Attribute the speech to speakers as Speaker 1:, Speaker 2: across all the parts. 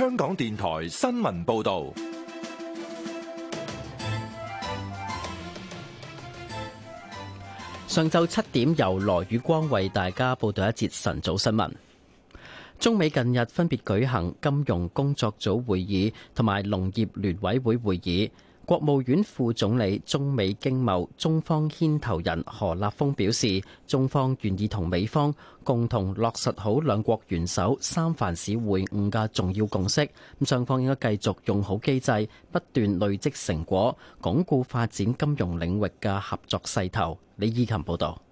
Speaker 1: 香港電台新聞報道，
Speaker 2: 上晝七點由羅宇光為大家報道一節晨早新聞。中美近日分別舉行金融工作組會議同埋農業聯委會會議。國務院副總理，中美經貿中方牽頭人何立峰表示，中方願意同美方共同落實好兩國元首三藩市會晤嘅重要共識。咁，雙方應該繼續用好機制，不斷累積成果，鞏固發展金融領域嘅合作勢頭。李依琴報道。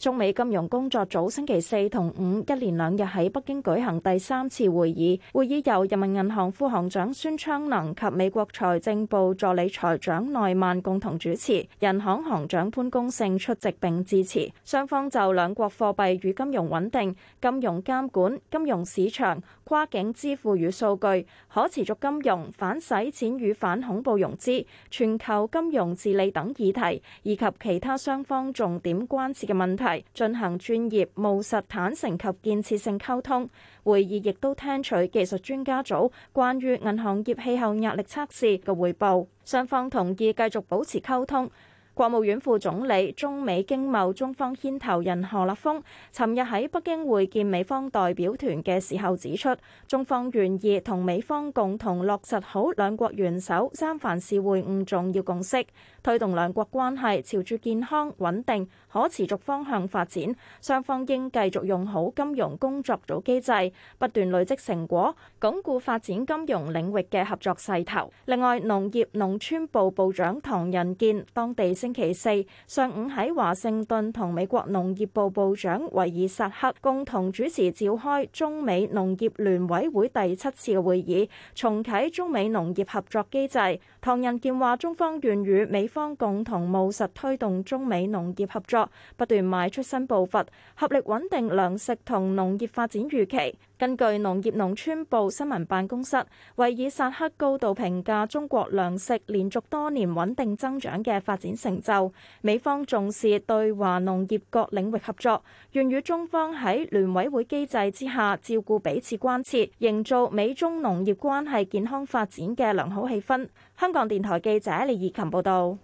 Speaker 3: 中美金融工作組星期四同五一連兩日喺北京舉行第三次會議，會議由人民銀行副行長孫昌能及美國財政部助理財長奈曼共同主持，人行行長潘功勝出席並致辭，雙方就兩國貨幣與金融穩定、金融監管、金融市場、跨境支付與數據、可持續金融、反洗錢與反恐怖融資、全球金融治理等議題，以及其他雙方重點關切嘅問題，進行專業務實、坦誠及建設性溝通。會議亦都聽取技術專家組關於銀行業氣候壓力測試嘅匯報。雙方同意繼續保持溝通。國務院副總理、中美經貿中方牽頭人何立峰尋日喺北京會見美方代表團嘅時候指出，中方願意同美方共同落實好兩國元首三藩市會晤重要共識。推動兩國關係朝住健康、穩定、可持續方向發展，雙方應繼續用好金融工作組機制，不斷累積成果，鞏固發展金融領域嘅合作勢頭。另外，農業農村部部長唐仁健當地星期四上午喺華盛頓同美國農業部部長維爾薩克共同主持召開中美農業聯委會第七次嘅會議，重啓中美農業合作機制。唐仁健話中方願與美方共同務實推動中美農業合作，不斷邁出新步伐，合力穩定糧食同農業發展預期。根據農業農村部新聞辦公室，維爾薩克高度評價中國糧食連續多年穩定增長嘅發展成就。美方重視對華農業各領域合作，願與中方喺聯委會機制之下照顧彼此關切，營造美中農業關係健康發展嘅良好氣氛。香港電台記者李以琴報道。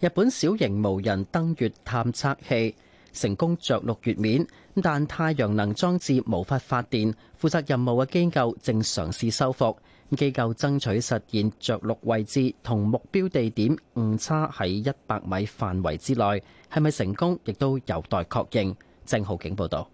Speaker 2: 日本小型無人登月探測器。成功着陸月面，但太陽能裝置無法發電，負責任務嘅機構正嘗試修復，機構爭取實現着陸位置同目標地點誤差喺一百米範圍之內，係咪成功亦都有待確認，鄭浩景報道。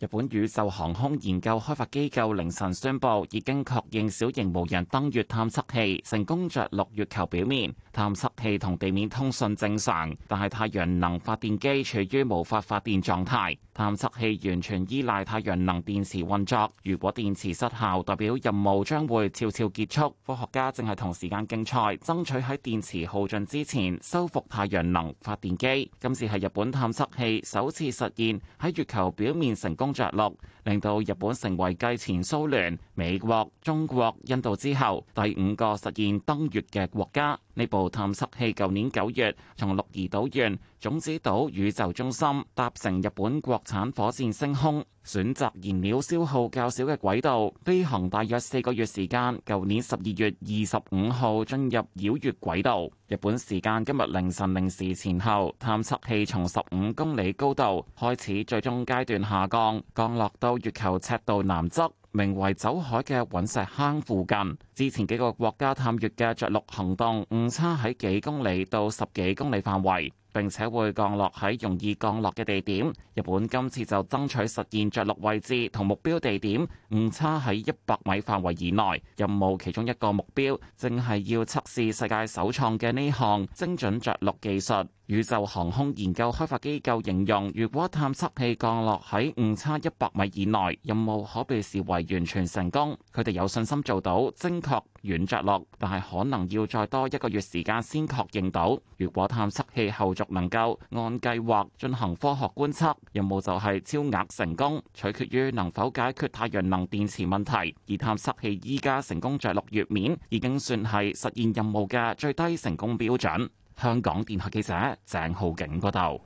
Speaker 4: 日本宇宙航空研究開發機構凌晨宣布，已經確認小型無人登月探測器成功着陸月球表面，探測器同地面通訊正常，但係太陽能發電機處於無法發電狀態，探測器完全依賴太陽能電池運作，如果電池失效，代表任務將會悄悄結束。科學家正係同時間競賽，爭取喺電池耗盡之前修復太陽能發電機。今次係日本探測器首次實現喺月球表面成功着陸，令到日本成為繼前蘇聯、美國、中國、印度之後第五個實現登月嘅國家。呢部探測器舊年九月從鹿兒島縣種子島宇宙中心搭乘日本國產火箭升空。選擇燃料消耗較少嘅軌道飛行，大約四個月時間。舊年十二月二十五號進入繞月軌道。日本時間今日凌晨零時前後，探測器從十五公里高度開始，最終階段下降，降落到月球赤道南側，名為「走海」嘅隕石坑附近。之前幾個國家探月嘅着陸行動，誤差喺幾公里到十幾公里範圍。並且會降落喺容易降落嘅地點。日本今次就爭取實現着陸位置同目標地點誤差喺一百米範圍以內。任務其中一個目標，正係要測試世界首創嘅呢項精準着陸技術。宇宙航空研究開發機構形容，如果探測器降落喺誤差一百米以內，任務可被視為完全成功。佢哋有信心做到精確軟着陸，但係可能要再多一個月時間先確認到。如果探測器後續能夠按計劃進行科學觀測，任務就係超額成功。取決於能否解決太陽能電池問題，而探測器依家成功着陸月面，已經算係實現任務嘅最低成功標準。香港電台記者鄭浩景報道，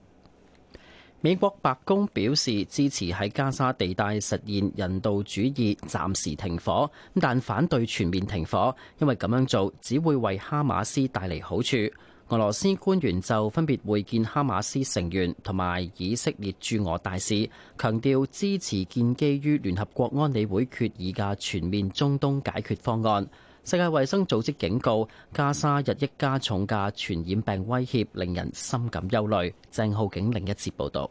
Speaker 4: 美國白宮表示支持
Speaker 2: 喺加沙地帶實現人道主義暫時停火，但反對全面停火，因為咁樣做只會為哈馬斯帶嚟好處。俄羅斯官員就分別會見哈馬斯成員同埋以色列駐俄大使，強調支持建基於聯合國安理會決議嘅全面中東解決方案。世界衛生組織警告，加沙日益加重嘅傳染病威脅
Speaker 4: 令人深感憂慮。鄭浩景另一節報導。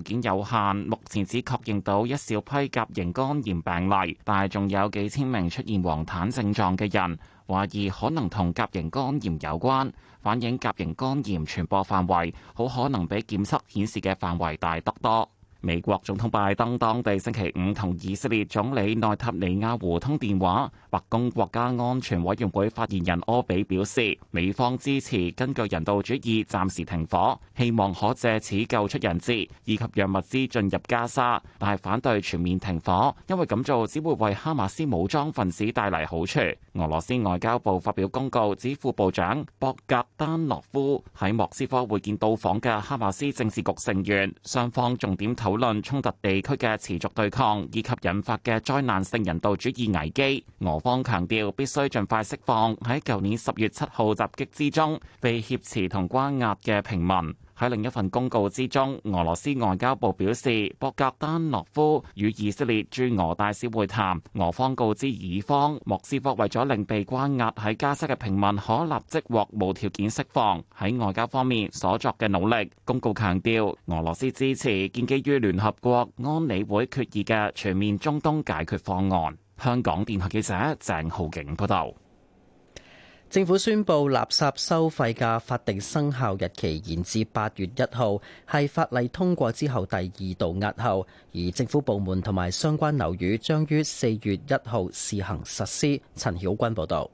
Speaker 4: 件有限，目前只確認到一小批甲型肝炎病例，但係仲有幾千名出現黃疸症狀嘅人，懷疑可能同甲型肝炎有關，反映甲型肝炎傳播範圍好可能比檢測顯示嘅範圍大得多,多。美國總統拜登當地星期五同以色列總理內塔尼亞胡通電話，白宮國家安全委員會發言人柯比表示，美方支持根據人道主義暫時停火，希望可借此救出人質以及讓物資進入加沙，但係反對全面停火，因為咁做只會為哈馬斯武裝分子帶嚟好處。俄羅斯外交部發表公告，指副部長博格丹諾夫喺莫斯科會見到訪嘅哈馬斯政治局成員，雙方重點談討論衝突地區嘅持續對抗以及引發嘅災難性人道主義危機，俄方強調必須盡快釋放喺舊年十月七號襲擊之中被挾持同關押嘅平民。喺另一份公告之中，俄羅斯外交部表示，博格丹諾夫與以色列駐俄大使會談，俄方告知以方，莫斯科為咗令被關押喺加沙嘅平民可立即獲無條件釋放，喺外交方面所作嘅努力。公告強調，俄羅斯支持建基於聯合國安理會決議嘅全面中東解決方案。香港電台記者鄭浩景報道。政府宣布垃圾收費嘅法定生效日
Speaker 2: 期延至八月一號，係法例通過之後第二度押後，而政府部門同埋相關樓宇將於四月一號試行實施。陳曉君報道。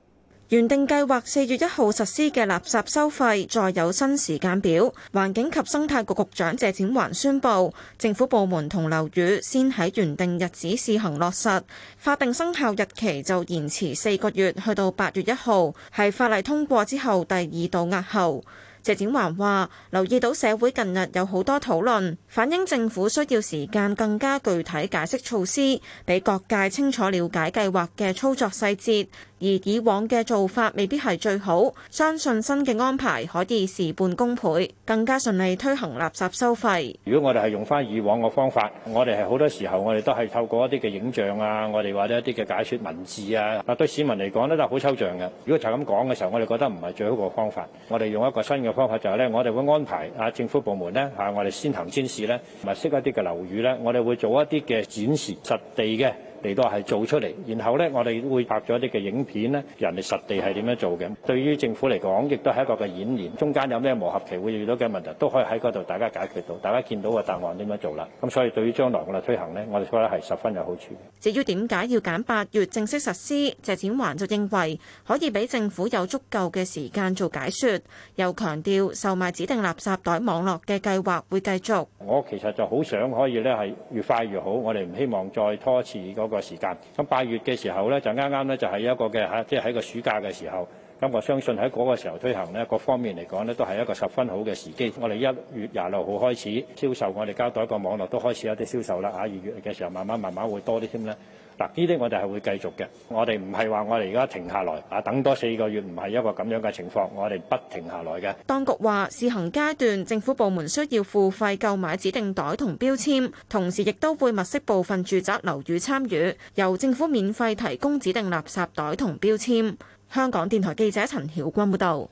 Speaker 5: 原定計劃四月一號實施嘅垃圾收費再有新時間表，環境及生態局局長謝展寰宣布，政府部門同樓宇先喺原定日子試行落實，法定生效日期就延遲四個月，去到八月一號，係法例通過之後第二度押後。謝展寰話留意到社會近日有好多討論，反映政府需要時間更加具體解釋措施，俾各界清楚了解計劃嘅操作細節。而以往嘅做法未必係最好，相信新嘅安排可以事半功倍，更加順利推行垃圾收費。
Speaker 1: 如果我哋係用翻以往嘅方法，我哋係好多時候我哋都係透過一啲嘅影像啊，我哋或者一啲嘅解說文字啊，對市民嚟講咧就好抽象嘅。如果就咁講嘅時候，我哋覺得唔係最好嘅方法。我哋用一個新嘅方法就係咧，我哋會安排啊，政府部門咧吓，我哋先行先試咧，熟識一啲嘅樓宇咧，我哋會做一啲嘅展示實地嘅。嚟到係做出嚟，然後呢，我哋會拍咗一啲嘅影片呢，人哋實地係點樣做嘅。對於政府嚟講，亦都係一個嘅演練，中間有咩磨合期，會遇到嘅問題，都可以喺嗰度大家解決到。大家見到嘅答案點樣做啦。咁所以對於將來我哋推行呢，我哋覺得係十分有好處。
Speaker 5: 至於點解要揀八月正式實施，謝展寰就認為可以俾政府有足夠嘅時間做解說，又強調售賣指定垃圾袋網絡嘅計劃會繼續。
Speaker 1: 我其實就好想可以咧，係越快越好。我哋唔希望再拖遲嗰個時間。咁八月嘅時候呢，就啱啱呢，就係、是、一個嘅嚇，即係喺個暑假嘅時候。咁我相信喺嗰個時候推行呢，各方面嚟講呢，都係一個十分好嘅時機。我哋一月廿六號開始銷售，我哋交代一個網絡都開始有啲銷售啦。嚇、啊，二月嘅時候慢慢慢慢會多啲添呢。嗱，呢啲我哋係會繼續嘅，我哋唔係話我哋而家停下來，啊，等多四個月唔係一個咁樣嘅情況，我哋不停下來嘅。
Speaker 5: 當局話試行階段，政府部門需要付費購買指定袋同標籤，同時亦都會物色部分住宅樓宇參與，由政府免費提供指定垃圾袋同標籤。香港電台記者陳曉君報道。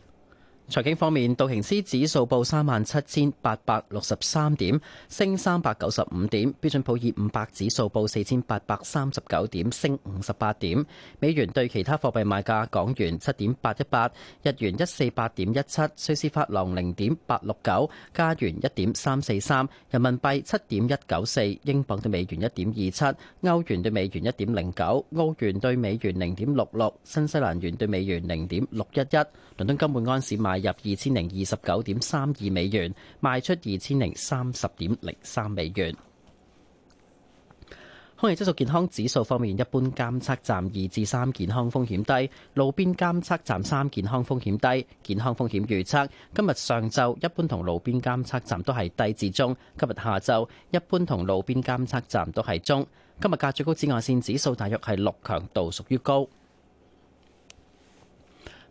Speaker 2: 財經方面，道瓊斯指數報三萬七千八百六十三點，升三百九十五點；標準普爾五百指數報四千八百三十九點，升五十八點。美元對其他貨幣賣價：港元七點八一八，日元一四八點一七，瑞士法郎零點八六九，加元一點三四三，人民幣七點一九四，英鎊對美元一點二七，歐元對美元一點零九，澳元對美元零點六六，新西蘭元對美元零點六一一。倫敦金每安士賣。買入二千零二十九點三二美元，賣出二千零三十點零三美元。空氣質素健康指數方面，一般監測站二至三健康風險低，路邊監測站三健康風險低。健康風險預測：今日上晝一般同路邊監測站都係低至中；今日下晝一般同路邊監測站都係中。今日嘅最高紫外線指數大約係六，強度屬於高。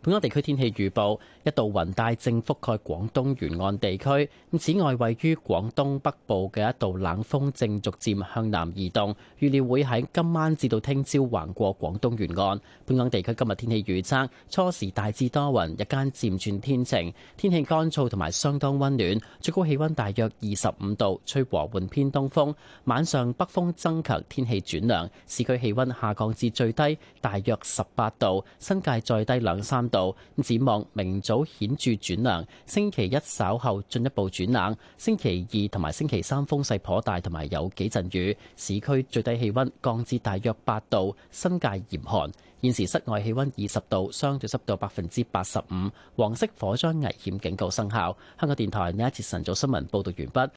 Speaker 2: 本港地區天氣預報，一道雲帶正覆蓋廣東沿岸地區，咁此外，位於廣東北部嘅一道冷風正逐漸向南移動，預料會喺今晚至到聽朝橫過廣東沿岸。本港地區今日天氣預測，初時大致多雲，日間漸轉天晴，天氣乾燥同埋相當溫暖，最高氣溫大約二十五度，吹和緩偏東風。晚上北風增強，天氣轉涼，市區氣溫下降至最低大約十八度，新界再低兩三度。咁展望明早顯著轉涼，星期一稍後進一步轉冷，星期二同埋星期三風勢頗大同埋有幾陣雨，市區最低氣溫降至大約八度，新界嚴寒。現時室外氣溫二十度，相對濕度百分之八十五，黃色火災危險警告生效。香港電台呢一節晨早新聞報道完畢。